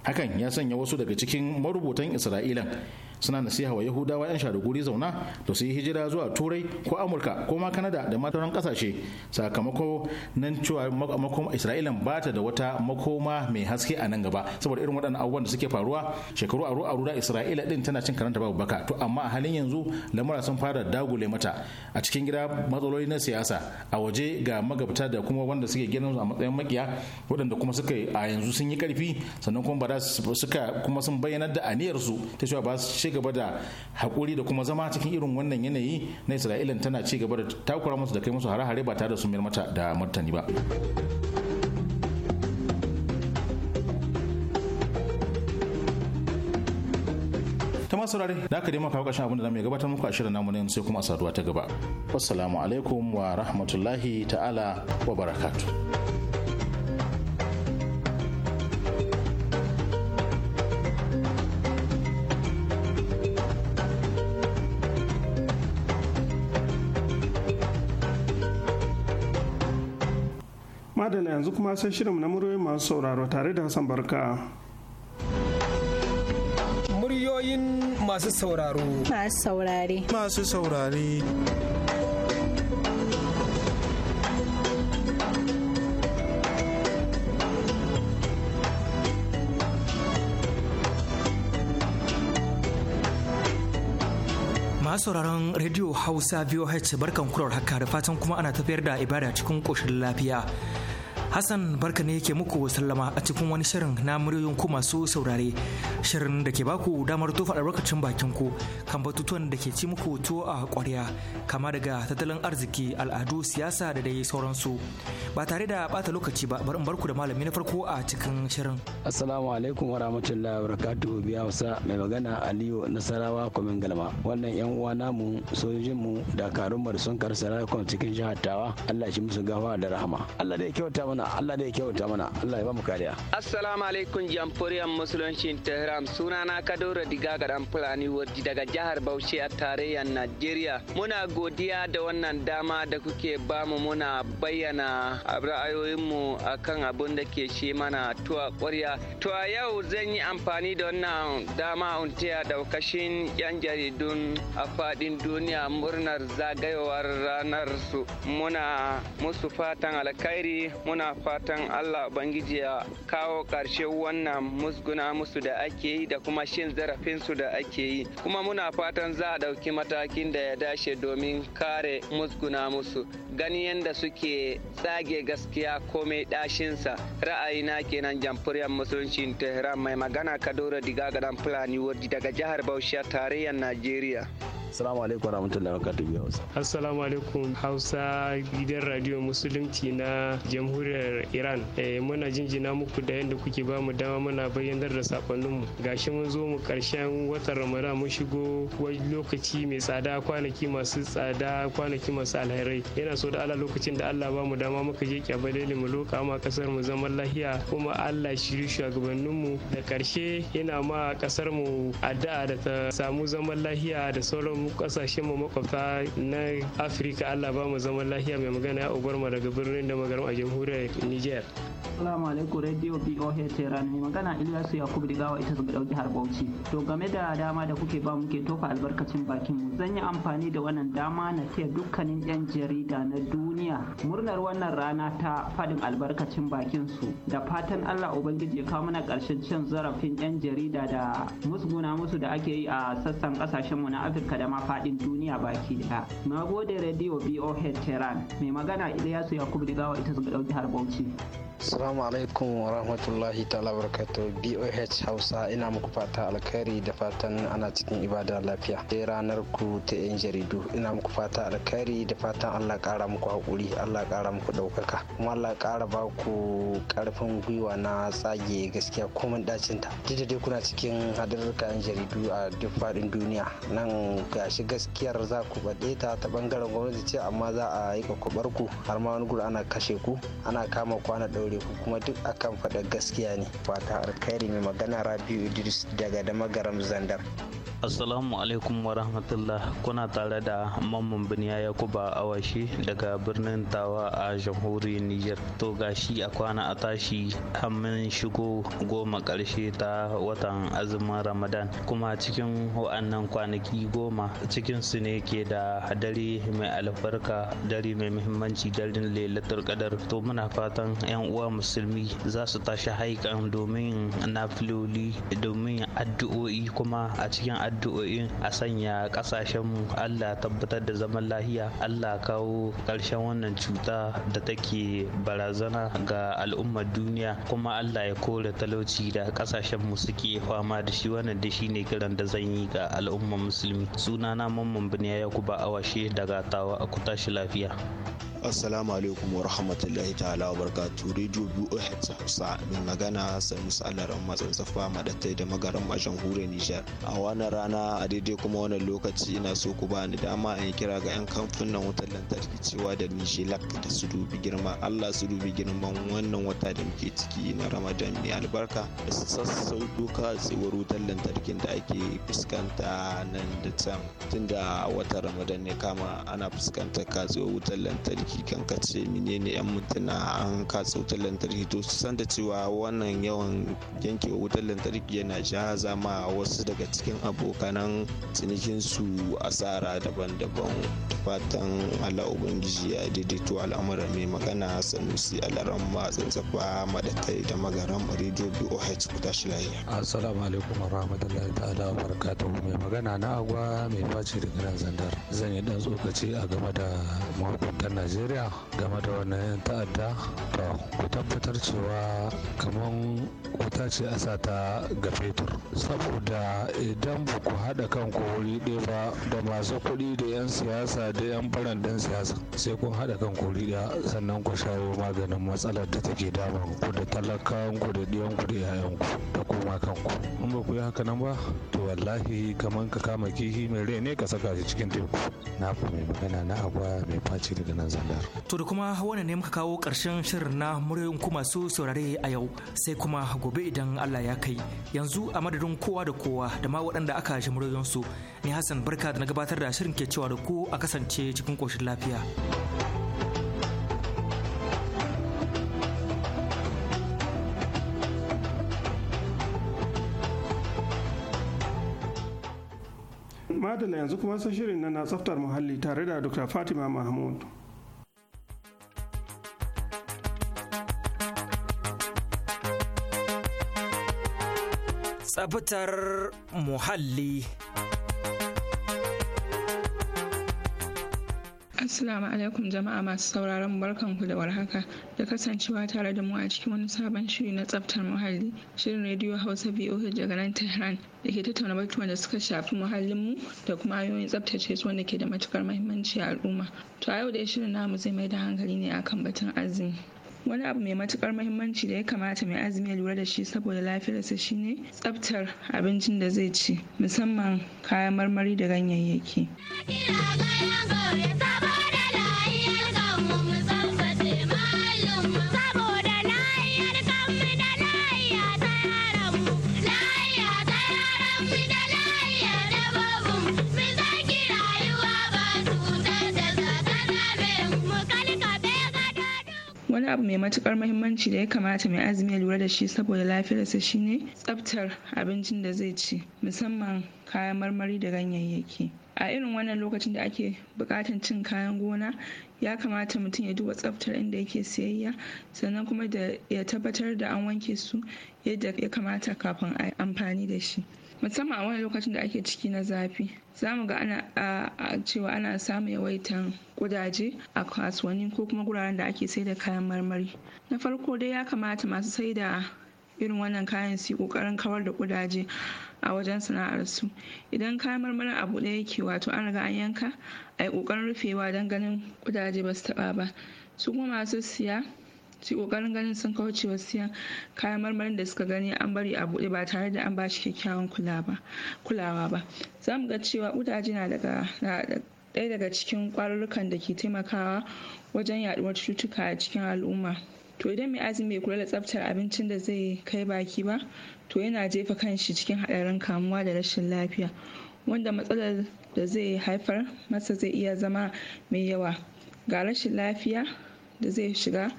hakan ya sanya wasu daga cikin marubutan isra'ilan suna nasiha wa yahudawa 'yan shari'uri zauna da su yi hijira zuwa turai ko amurka ko ma kanada da mataran kasashe sakamako nan cewa makoma isra'ilan ba ta da wata makoma mai haske a nan gaba saboda irin waɗannan abubuwan da suke faruwa shekaru a ruwa da isra'ila din tana cin karanta babu baka to amma a halin yanzu lamura sun fara dagule mata a cikin gida matsaloli na siyasa a waje ga magabta da kuma wanda suke gidan a matsayin makiya waɗanda kuma suka a yanzu sun yi karfi sannan kuma fada suka kuma sun bayyanar da aniyarsu ta cewa ba su ci gaba da haƙuri da kuma zama cikin irin wannan yanayi na isra'ilan tana ci gaba da takura musu da kai musu hare-hare ba tare da su mayar mata da martani ba ta masu rare da aka dima kawo kashin abin da zamu gabatar muku a shirin namu na yanzu sai kuma saduwa ta gaba assalamu alaikum wa rahmatullahi ta'ala wa barakatuh madana yanzu kuma sai shirin na muryoyi masu sauraro tare da hassan barka muryoyin masu sauraro masu saurare masu saurare sauraron Radio Hausa VOH barkan kurar haka da fatan kuma ana tafiyar da ibada cikin ƙoshin lafiya. Hassan barka ne yake muku sallama a cikin wani shirin na muryoyin ku masu saurare. Shirin da ke baku damar tofa albarkacin bakin ku kan batutuwan da ke ci muku tuwo a ƙwarya kama daga tattalin arziki, al'adu, siyasa da dai sauransu. Ba tare da bata lokaci ba bari in barku da malami na farko a cikin shirin. Assalamu alaikum wa rahmatullahi wa barakatuhu biya wasa mai magana Aliyu Nasarawa Kwamin Galma. Wannan yan uwa namu sojojin mu dakarun mu da sun karsara cikin jihar Tawa. Allah shi musu gafa da rahama. Allah da ya kyauta mana mana Allah ne ya kyauta mana Allah ya ba mu kariya assalamu alaikum jamhuriyar musuluncin tehran sunana kadoro diga ga dan fulani warji daga jihar bauchi a tarayyar najeriya muna godiya da wannan dama da kuke ba mu muna bayyana ra'ayoyinmu akan abun da ke shi mana tuwa kwarya to a yau zan yi amfani da wannan dama untiya daukashin yan jaridun a fadin duniya murnar zagayowar ranar su muna musu fatan alkhairi muna fatan allah bangiji ya kawo ƙarshen wannan musguna musu da ake yi da kuma shin zarafinsu da ake yi kuma muna fatan za a ɗauki matakin da ya dace domin kare musguna musu gani yadda suke tsage gaskiya komai ɗashinsa ra'ayina kenan jamfuriyar musulunci tehran mai magana kadoro diga dan fulani wardi daga jihar bauchi tarayyar najeriya Assalamu alaikum warahmatullahi wabarakatuh Hausa. Assalamu alaikum Hausa gidan radio Musulunci na Jamhuriyar jihar iran eh, muna jinjina muku da yadda kuke ba mu dama muna bayyanar da sakonninmu gashi mun zo mu karshen watan ramadan mun shigo wani lokaci mai tsada kwanaki masu tsada kwanaki masu alherai yana so da allah lokacin da allah ba mu dama muka je kyabalele mu loka ma kasar mu zaman lahiya kuma allah shiri mu da karshe yana ma kasar mu addu'a da ta samu zaman lahiya da sauran ƙasashen mu makwabta na afirka allah ba mu zaman lahiya mai magana ya ubar mu daga birnin da magaram a jamhuriyar Niger. Salamu alaikum Radio BOH Tehran mai magana Ilyasu Yakubu Digawa ita su dauki har Bauchi. To game da dama da kuke ba muke tofa albarkacin bakin mu zan yi amfani da wannan dama na taya dukkanin 'yan jarida na duniya murnar wannan rana ta fadin albarkacin bakin su da fatan Allah Ubangiji ya kawo mana karshen cin zarafin 'yan jarida da musguna musu da ake yi a sassan kasashen mu na Afirka da ma faɗin duniya baki ɗaya. Nagode Radio BOH Tehran mai magana Ilyasu Yakubu Digawa ita su dauki har bauchi Assalamu alaikum wa rahmatullahi ta'ala barakatuh BOH Hausa ina muku fata alkhairi da fatan ana cikin ibada lafiya. Sai ranar ku ta yan jaridu ina muku fata alkhairi da fatan Allah kara muku hakuri, Allah kara muku daukaka. Kuma Allah kara ba ku karfin gwiwa na tsage gaskiya komai dacin ta. Duk da kuna cikin hadarurruka yan jaridu a duk faɗin duniya. Nan gashi gaskiyar za ku baɗe ta ta bangaren gwamnati ce amma za a yi kwakwabar ku har ma wani guri ana kashe ku ana kama kwana ɗaure ku kuma duk akan faɗa gaskiya ne fata alkhairi mai magana rabiu idris daga damagaram zandar Assalamu alaikum wa rahmatullah kuna tare da mamman biniya yakuba awashi daga birnin tawa a jamhuriyar Nijar. To gashi a kwana a tashi hannun shigo goma ƙarshe ta watan azumin Ramadan kuma cikin wa'annan kwanaki goma cikin su ne ke da dare mai albarka dare mai muhimmanci dare lailatul kadar to muna fatan 'yan uwa musulmi za su tashi haikan domin nafiloli domin addu'o'i kuma a cikin addu'o'in a sanya mu allah tabbatar da zaman lafiya, allah kawo ƙarshen wannan cuta da take barazana ga al'ummar duniya kuma allah ya kore talauci da mu suke fama da shi wannan da shi ne kiran da zan yi ga al'ummar musulmi sunana mamman ya yakuba awashe daga tawa a shi lafiya assalamu alaikum wa rahmatullahi ta'ala ta'ala wa barkatu radio boh hausa mai magana sanusi alaran matsantsafa madattai da magaran a jamhuriyar nijar a wannan rana a daidai kuma wannan lokaci ina so ku ba ni dama in kira ga yan kamfanin wutar lantarki cewa da lak da su dubi girma allah su dubi girman wannan wata da muke ciki na ramadan mai albarka da su sassauto katsewar wutar lantarkin da ake fuskanta nan da can tunda watan ramadan ne kama ana fuskantar katsuwar wutar lantarki kan kace menene yan mutuna an katsa wutar lantarki to su san da cewa wannan yawan yankewa wutar lantarki yana ja zama wasu daga cikin abokanan cinikinsu asara daban-daban fatan allah ubangiji ya daidaito al'amuran mai magana sanusi alaran ma tsantsafa madatai da magaran radio boh ku tashi lahiya assalamu alaikum rahmatullahi ta'ala barakatuhu mai magana na agwa mai face da gina zandar zan yi dan tsokaci a game da mahukuntan najeriya game da wannan ta'adda ku tabbatar cewa kaman wuta ce a sata ga fetur saboda idan ba ku haɗa kanku wuri ɗaya ba da masu kuɗi da 'yan siyasa da 'yan faran siyasa sai kun haɗa kanku wuri ɗaya sannan ku shawo maganin matsalar da take damar ku da talakan ku da ɗiyan da 'ya'yan ku da kuma kanku in ba ku yi haka nan ba to wallahi kamar ka kama kihi mai rai ne ka saka shi cikin teku na ku mai magana na mai faci daga nan zandar. to da kuma wannan ne muka kawo ƙarshen ƙarshen shirin na muryoyin ku masu saurare a yau sai kuma gobe idan Allah ya kai yanzu a madadin kowa da kowa da ma waɗanda aka shi su ni Hassan barka da na gabatar da shirin ke cewa da ku a kasance cikin ƙoshin lafiya. Madalla yanzu kuma sai shirin na tsaftar muhalli tare da Dr. Fatima Mahmud. tsabtar muhalli. Assalamu alaikum jama'a masu sauraron barkanku da warhaka da kasancewa tare da mu a cikin wani sabon shiri na tsaftar muhalli shirin rediyo Hausa VOH daga nan Tehran da ke tattauna batuwan da suka shafi muhallinmu da kuma hanyoyin tsaftace su wanda ke da matukar muhimmanci a al'umma. To a yau dai shirin namu zai mai da hankali ne akan batun azumi. wani abu mai matuƙar muhimmanci da ya kamata mai azumi ya lura da shi saboda lafiyarsa shine tsaftar abincin da zai ci musamman kayan marmari da ganyayyaki. wani abu mai matukar muhimmanci da ya kamata mai azumi ya lura da shi saboda lafiyarsa shine tsaftar abincin da zai ci musamman kayan marmari da ganyayyaki a irin wannan lokacin da ake bukatan cin kayan gona ya kamata mutum ya duba tsaftar inda yake siyayya sannan kuma da ya tabbatar da an wanke su yadda ya kamata kafin a amfani da shi musamman a wani lokacin da ake ciki na zafi za mu ga ana cewa ana samun yawaitan kudaje a kasuwanni ko kuma guraren da ake sai da kayan marmari na farko dai ya kamata masu saida irin wannan kayan su yi kokarin kawar da kudaje a wajen sana'arsu idan kayan marmarin abu ɗaya yake wato an riga an yanka a yi kokarin rufewa don ganin kudaje ba su taɓa ba su kuma masu siya su kokarin ganin sun kauce wa siyan kayan marmarin da suka gani an bari a buɗe ba tare da an ba shi kyakkyawan kulawa ba za mu ga cewa ƙudaje na daga ɗaya daga cikin ƙwarurrukan da ke taimakawa wajen yaɗuwar cututtuka a cikin al'umma to idan mai azumi bai kula da tsaftar abincin da zai kai baki ba to yana jefa kanshi cikin haɗarin kamuwa da rashin lafiya wanda matsalar da zai haifar masa zai iya zama mai yawa ga rashin lafiya da zai shiga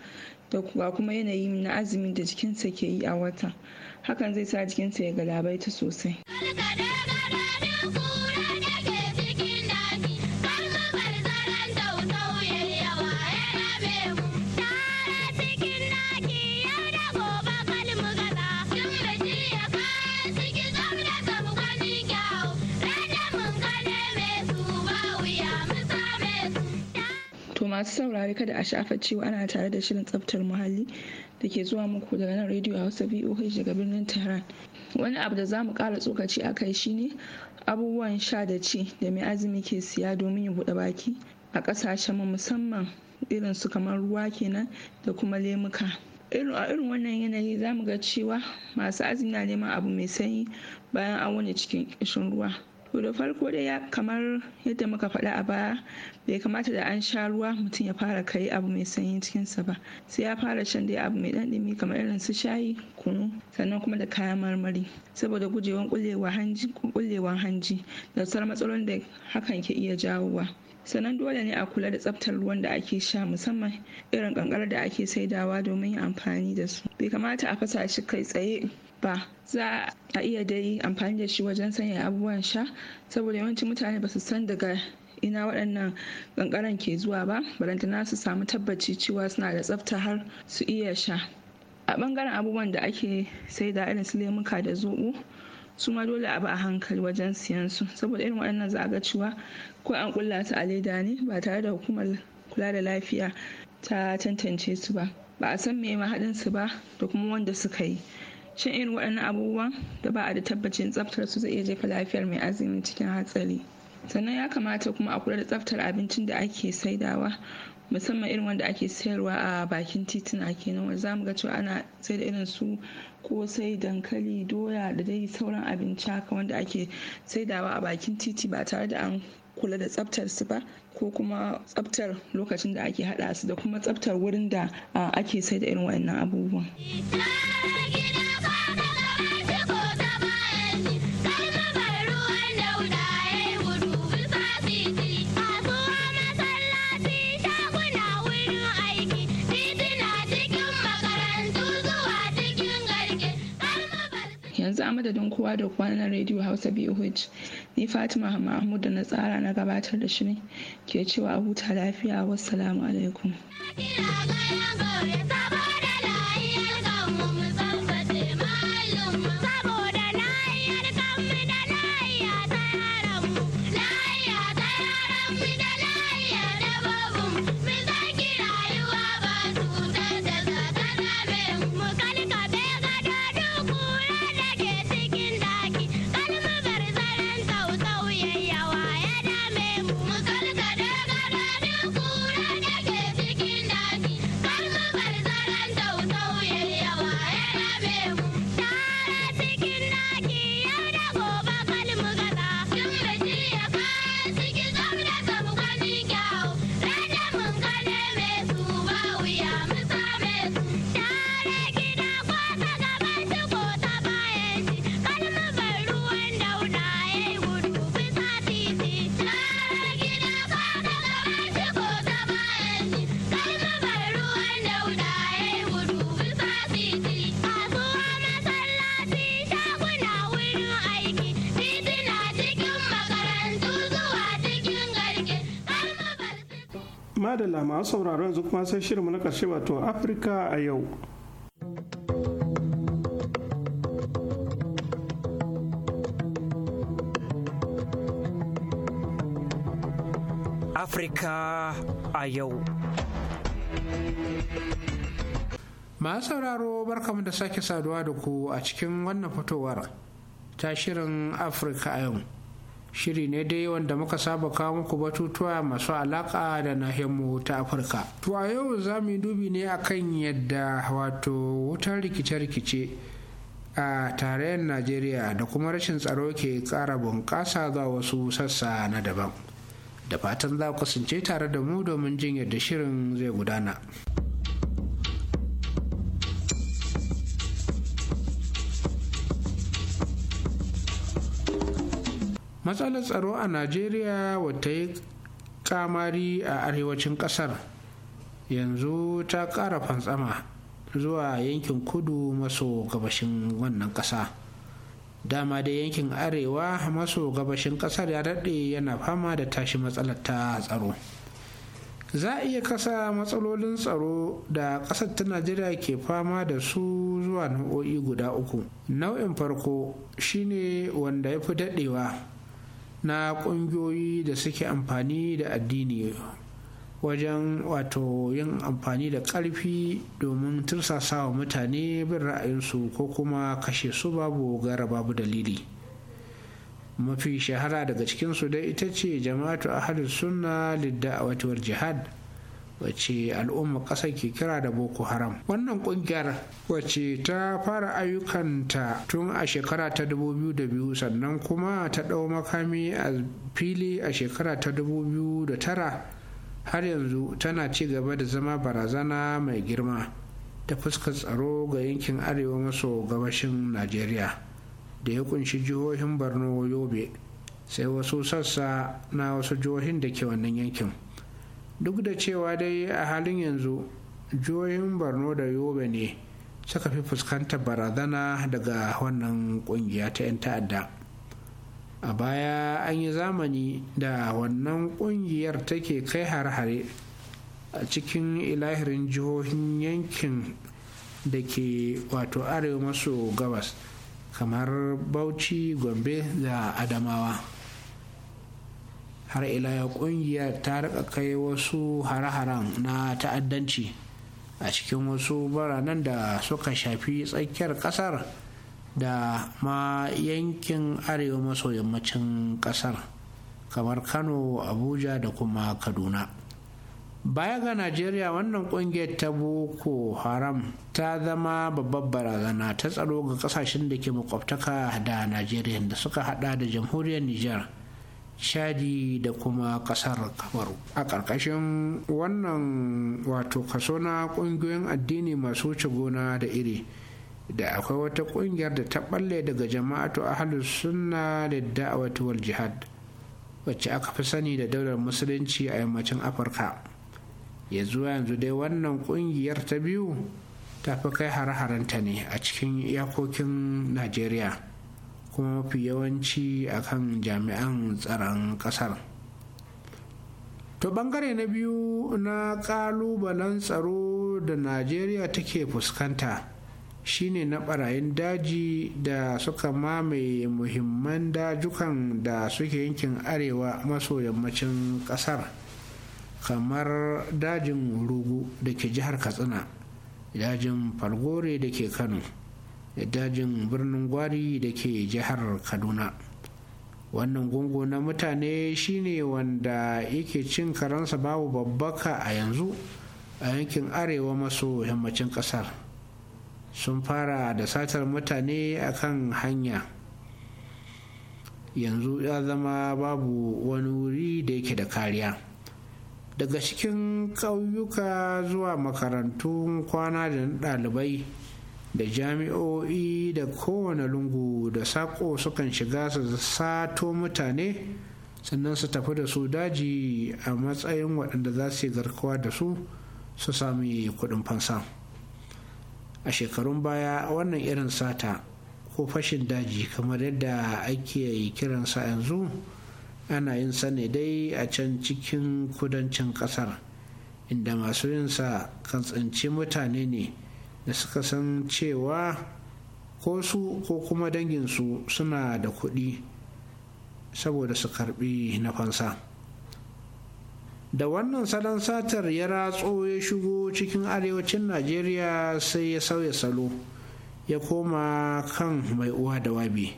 da kuma yanayin na azumin da jikinsa ke yi a wata hakan zai sa jikinsa ya galabaita sosai. masu saurari kada a shafa cewa ana tare da shirin tsaftar muhalli da ke zuwa muku daga nan rediyo hausa voh daga birnin tehran wani abu da za mu kara tsokaci a kai shine abubuwan sha da ci da mai azumi ke siya domin ya buɗe baki a ƙasashen mu musamman irin su kamar ruwa kenan da kuma lemuka irin a irin wannan yanayi za mu ga cewa masu azumi na neman abu mai sanyi bayan an wani cikin ƙishin ruwa to da farko dai ya kamar yadda muka faɗa a baya bai kamata da an sha ruwa mutum ya fara kai abu mai sanyi cikinsa ba sai ya fara shan dai abu mai ɗan kamar irin su shayi kunu sannan kuma da kayan marmari saboda gujewa kullewan hanji da sauran matsalolin da hakan ke iya jawowa sannan dole ne a kula da tsaftar ruwan da ake sha musamman irin kankarar da ake saidawa domin yin amfani da su bai kamata a fasa shi kai tsaye ba za a iya dai amfani da shi wajen sanya abubuwan sha saboda yawancin mutane ba su san daga ina waɗannan ƙanƙaran ke zuwa ba barantana su samu tabbaci cewa suna da tsafta har su iya sha a ɓangaren abubuwan da ake sai da irin su lemuka da zoɓo su ma dole a bi a hankali wajen siyan su saboda irin waɗannan za a ga cewa ko an ƙulla su a leda ne ba tare da hukumar kula da lafiya ta tantance su ba ba a san me mahaɗin su ba da kuma wanda suka yi shin irin waɗannan abubuwan da ba a da tabbacin tsaftar su zai iya jefa lafiyar mai azumin cikin hatsari sannan ya kamata kuma a kula da tsaftar abincin da ake saidawa musamman irin wanda ake sayarwa a bakin tituna kenan wanda zamu ga cewa ana sai da irin su kosai dankali doya da dai sauran abinci haka wanda ake saidawa a bakin titi ba tare da an kula da tsaftar su ba ko kuma tsaftar lokacin da ake hada su da kuma tsaftar wurin da ake sai da irin waɗannan abubuwan. Amadadin madadin kowa da kowa na rediyo hausa BOH ni fatima mahmud da na tsara na gabatar da shirin ke cewa huta lafiya salamu alaikum madalla masu sauraro yanzu kuma sai shirinmu na ƙarshe wato afirka a yau afirka a yau masu sauraro barkamu da sake saduwa da ku a cikin wannan fitowar ta shirin afirka a yau shiri ne dai wanda muka saba kawo muku batutuwa masu alaka da nahiyarmu ta afirka to a yau za mu dubi ne akan yadda wato wutar rikice-rikice a tarayyar najeriya da kuma rashin tsaro ke kara bunƙasa ga wasu sassa na daban da fatan za ku kasance tare da mu domin jin yadda shirin zai gudana. matsalar tsaro a najeriya wata yi kamari a arewacin kasar yanzu ta ƙara fantsama zuwa yankin kudu maso gabashin wannan ƙasa dama da yankin arewa maso gabashin ƙasar ya daɗe yana fama da tashi matsalar ta tsaro za a iya kasa matsalolin tsaro da ƙasar ta najeriya ke fama da su zuwa nau'o'i guda uku nau'in farko shine wanda ya fi daɗewa na ƙungiyoyi da suke amfani da addini wajen wato yin amfani da ƙarfi domin tursasa wa mutane bin ra'ayinsu ko kuma kashe su babu gara babu dalili mafi shahara daga cikinsu dai ita ce jama'atu ahalus sunna lidda a watuwar jihad wacce al'umma ƙasar ke kira da boko haram wannan ƙungiyar wacce ta fara ayyukanta tun a shekara ta 2002 sannan kuma ta ɗau makami a fili a shekara ta 2009 har yanzu tana ci gaba da zama barazana mai girma ta fuskar tsaro ga yankin arewa maso gabashin najeriya da ya kunshi jihohin borno yobe sai wasu sassa na wasu jihohin da ke wannan yankin duk da cewa dai a halin yanzu jihohin borno da yobe ne suka fi fuskanta barazana daga wannan kungiya ta 'yan ta'adda a baya an yi zamani da wannan kungiyar take kai har-hare a cikin ilahirin jihohin yankin da ke wato arewa maso gabas kamar bauchi gombe da adamawa har ila ya kungiyar ta rika kai wasu hare-haren na ta'addanci a cikin wasu biranen da suka shafi tsakiyar kasar da ma yankin arewa maso yammacin kasar kamar kano abuja da kuma kaduna baya ga najeriya wannan kungiyar ta boko haram ta zama babbar barazana ta tsaro ga kasashen da ke makwabtaka da najeriya da suka hada da jamhuriyar Nijar. shadi da kuma ƙasar kamaru a ƙarƙashin wannan wato kaso na ƙungiyoyin addini masu wuce gona da iri da akwai wata ƙungiyar da ta ɓalle daga jama'atu halin suna da da'awatu wal jihad wacce aka fi sani da daular musulunci a yammacin afirka ya zuwa yanzu dai wannan ƙungiyar ta biyu ta fi kai har haranta ne a cikin iyakokin najeriya kuma mafi yawanci a kan jami'an tsaron kasar to bangare na biyu na kalubalen tsaro da najeriya take fuskanta shine na barayin daji da suka mamaye muhimman dajukan da suke yankin arewa maso yammacin kasar kamar dajin rugu da ke jihar katsina dajin falgore da ke kano dajin birnin gwari da ke jihar kaduna wannan gungu na mutane shine wanda yake cin karansa babu babbaka a yanzu a yankin arewa maso yammacin kasar sun fara da satar mutane a kan hanya yanzu ya zama babu wani wuri da yake da kariya daga cikin ƙauyuka zuwa makarantun kwana da ɗalibai da jami'o'i da kowane lungu da saƙo sukan shiga su sato mutane sannan su tafi da su daji a matsayin waɗanda za su yi garkuwa da su su sami kuɗin fansa a shekarun baya wannan irin sata ko fashin daji kamar yadda ake kiransa yanzu ana yin sa dai a can cikin kudancin ƙasar inda masu yin sa kan tsinci mutane ne da suka san cewa ko su ko kuma danginsu suna da kuɗi saboda su karbi na fansa da wannan salon satar ya ratso ya shigo cikin arewacin najeriya sai ya sauya salo ya koma kan mai uwa da wabi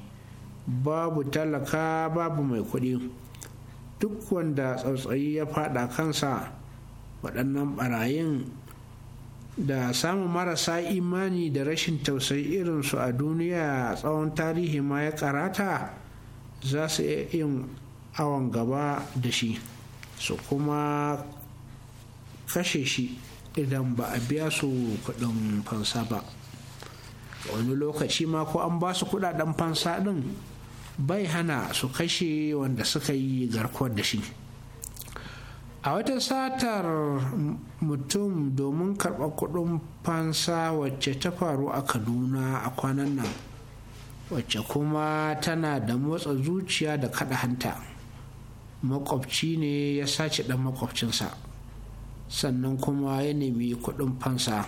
babu talaka babu mai kuɗi duk wanda tsautsayi ya fada kansa waɗannan ɓarayin da samun marasa imani da rashin tausayi irinsu a duniya tsawon tarihi ma ya karata za su iya yin awon gaba da shi su kuma kashe shi idan ba a biya su kudin fansa ba wani lokaci ma ko an ba su kudaden fansa din bai hana su kashe wanda suka yi garkuwar da shi a wata satar mutum domin karɓar kuɗin fansa wacce ta faru a kaduna a kwanan nan wacce kuma tana da motsa zuciya da kaɗa hanta makwabci ne ya sace ɗan makwabcinsa sannan kuma ya nemi kuɗin fansa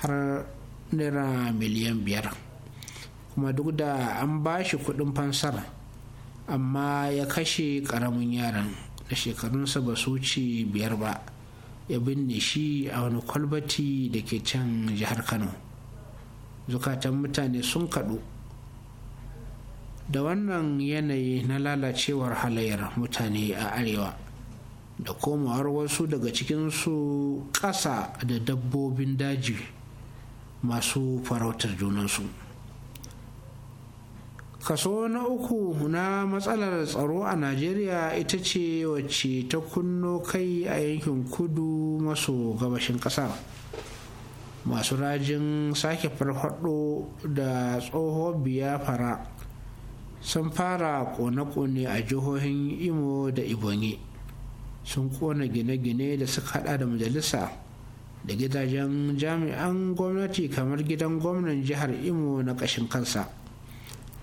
har naira miliyan biyar kuma duk da an ba shi kuɗin fansar amma ya kashe ƙaramin yaran A shekarunsa ba su ce biyar ba ya binne shi a wani kwalbati da ke can jihar kano zukatan mutane sun kaɗu da wannan yanayi na lalacewar halayyar mutane a arewa da komawar wasu daga cikinsu ƙasa da dabbobin daji masu farautar junansu. kaso na uku na matsalar tsaro a najeriya ita ce wacce ta kunno kai a yankin kudu maso gabashin kasar masu rajin sake farfado da tsoho biyafara sun fara kone-kone a jihohin imo da ibonyi sun kona gine-gine da suka hada da majalisa da gidajen jami'an gwamnati kamar gidan gwamnan jihar imo na ƙashin kansa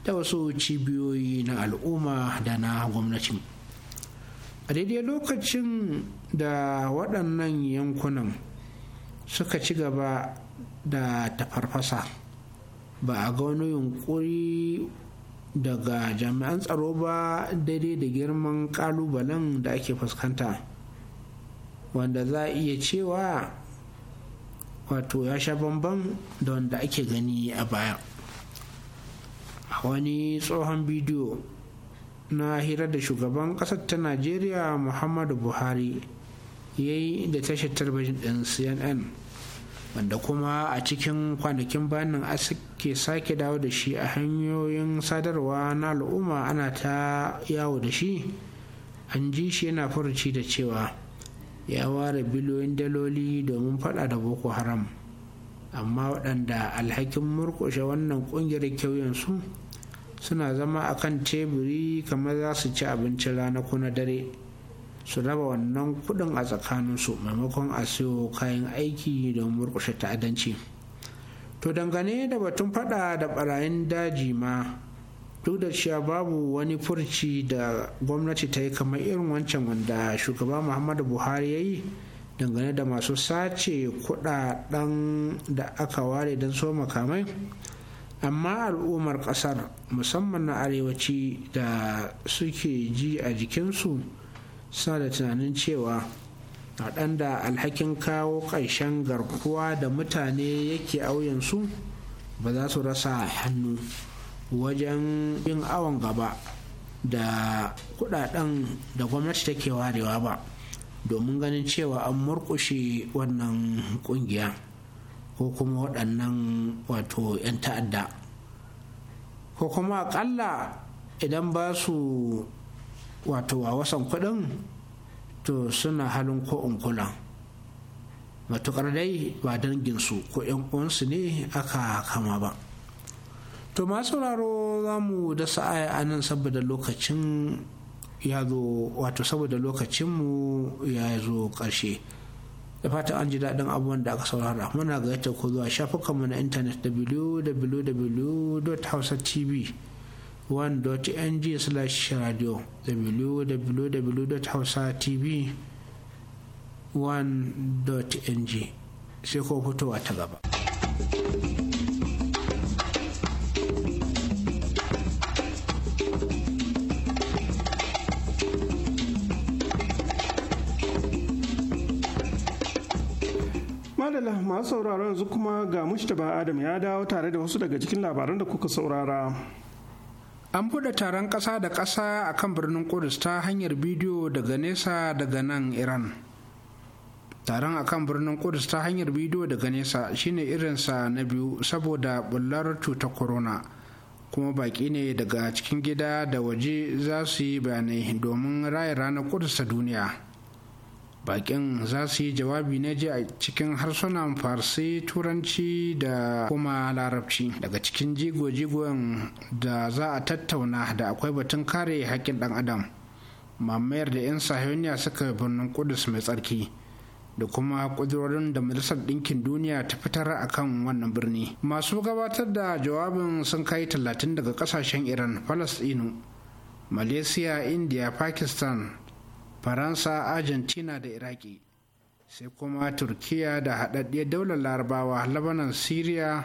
da wasu cibiyoyi na al'umma da na gwamnati a daidai lokacin da waɗannan yankunan suka ci gaba da tafarfasa ba a ga wani yunkuri daga jami'an tsaro ba daidai da girman ƙalubalen da ake fuskanta wanda za a iya cewa wato ya sha bamban da wanda ake gani a baya a wani tsohon bidiyo na hira da shugaban ƙasar ta najeriya muhammadu buhari ya yi da tashar talabijin ɗin cnn wanda kuma a cikin kwanakin bayanin ke sake dawo da shi a hanyoyin sadarwa na al'umma ana ta yawo da shi an ji shi yana furuci da cewa ya ware biliyoyin daloli domin fada da boko haram amma waɗanda alhakin murƙushe wannan ƙungiyar su suna zama a kan teburi kamar za su ci abincin rana ko na dare su raba wannan kuɗin a tsakanin su maimakon a siyo kayan aiki don murƙushe ta'adanci to dangane da batun fada da barayin daji ma duk da cewa babu wani furci da gwamnati ta yi kamar irin wancan wanda shugaba muhammadu buhari ya yi dangane da masu sace kudaden da aka ware don so makamai amma al'ummar kasar musamman na arewaci da suke ji a jikinsu sa da tunanin cewa waɗanda alhakin kawo ƙarshen garkuwa da mutane yake auyensu ba za su rasa hannu wajen yin awon gaba da kudaden da gwamnati take warewa ba. domin ganin cewa an murkushe wannan kungiya ko kuma waɗannan wato 'yan ta'adda ko kuma akalla idan ba su wato wasan kuɗin to suna halin ko kula matuƙar dai ba danginsu ko 'yan uwansu ne aka kama ba to masu sauraro za mu dasa aya a nan saboda lokacin ya zo wato saboda lokacinmu ya zo ƙarshe da fatan an ji daɗin abubuwan da aka saurara muna gayyata ko zuwa shafukanmu na intanet www.hausatv 1.ng slash radio www.hausatv 1.ng sai ko fitowa ta gaba. madalla masu sauraro yanzu kuma ga mushtaba adam ya dawo tare da wasu daga cikin labaran da kuka saurara an buɗe taron ƙasa da ƙasa a kan birnin kudus ta hanyar bidiyo daga nesa daga nan iran taron a kan birnin kudus ta hanyar bidiyo daga nesa shine irinsa na biyu saboda bullar cutar corona kuma baƙi ne daga cikin gida da waje za su yi bayanai domin raya ranar kudus ta duniya bakin za su yi jawabi na ji a cikin harsunan farsi turanci da kuma larabci daga cikin jigo-jigon da za a tattauna da akwai batun kare haƙƙin ɗan adam mamayar da 'yan sahiyoniya suka birnin kudus mai tsarki da kuma ƙudurorin da majalisar ɗinkin duniya ta fitar a kan wannan birni masu gabatar da jawabin sun kai talatin daga ƙasashen iran falasɗinu malaysia india pakistan faransa argentina da iraki sai kuma turkiya da haɗaɗɗiyar daular larabawa labanan syria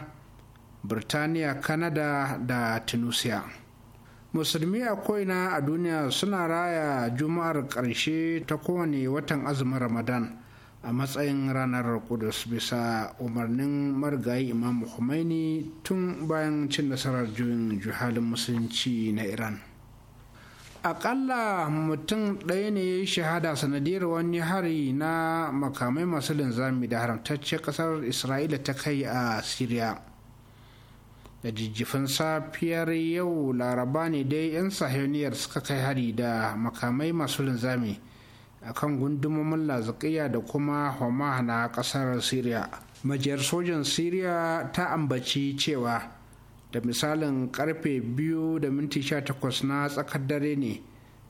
birtaniya canada da tunisia musulmi a ko'ina a duniya suna raya juma'ar ƙarshe ta kowane watan azumin ramadan a matsayin ranar kudus bisa umarnin marigayi imam Khomeini tun bayan cin nasarar juyin juhalin musulunci na iran akalla mutum ɗaya ne ya yi shahada sanadiyar wani hari na makamai masu linzami da haramtaccen ƙasar isra'ila ta kai a syria da jijjifin safiyar yau laraba ne dai 'yan sahiyoniyar suka kai hari da makamai masu linzami a kan gundumomin laziƙiya da kuma homa na ƙasar syria majiyar sojan syria ta ambaci cewa da misalin karfe biyu da minti takwas na tsakar dare ne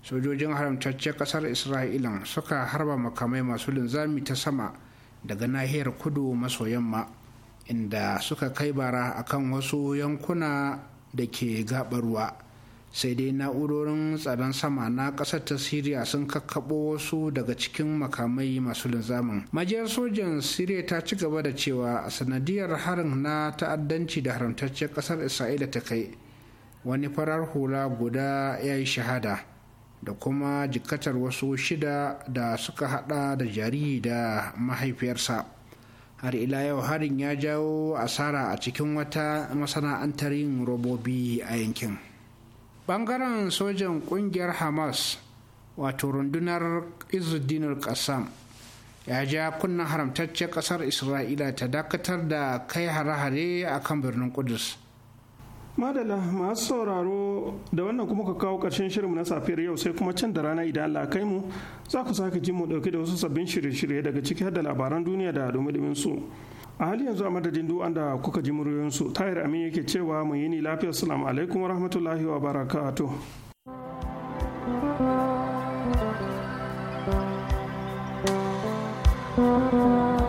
sojojin haramtaccen kasar isra'ila suka harba makamai masu linzami ta sama daga nahiyar kudu maso yamma inda suka kai bara akan wasu yankuna da ke gaɓar ruwa sai dai na'urorin tsaron sama na ƙasar ta siriya sun kakkaɓo wasu daga cikin makamai masu linzamin majiyar sojan siriya ta ci gaba da cewa sanadiyar harin na ta'addanci da haramtaccen ƙasar isra'ila ta kai wani farar hula guda ya yi shahada da kuma jikatar wasu shida da suka hada da jariri da mahaifiyarsa har ila yau harin ya jawo asara a cikin wata masana'antar yin robobi a yankin bangaren sojan kungiyar hamas wato rundunar izuddin kasam ya ja kunnen haramtaccen kasar isra'ila ta dakatar da kai hare-hare a kan birnin kudus madala masu sauraro da wannan kuma ka kawo ƙarshen shirinmu na safiyar yau sai kuma can da rana idan Allah kai mu za ku sake ji mu dauke da wasu sabbin shirye-shirye daga ciki da labaran duniya da domin su. a hali yanzu a madadin duk anda kuka ji muryoyinsu tahir amin yake cewa mu yi ni lafiya salamu alaikum wa rahmatullahi wa barakatu thank you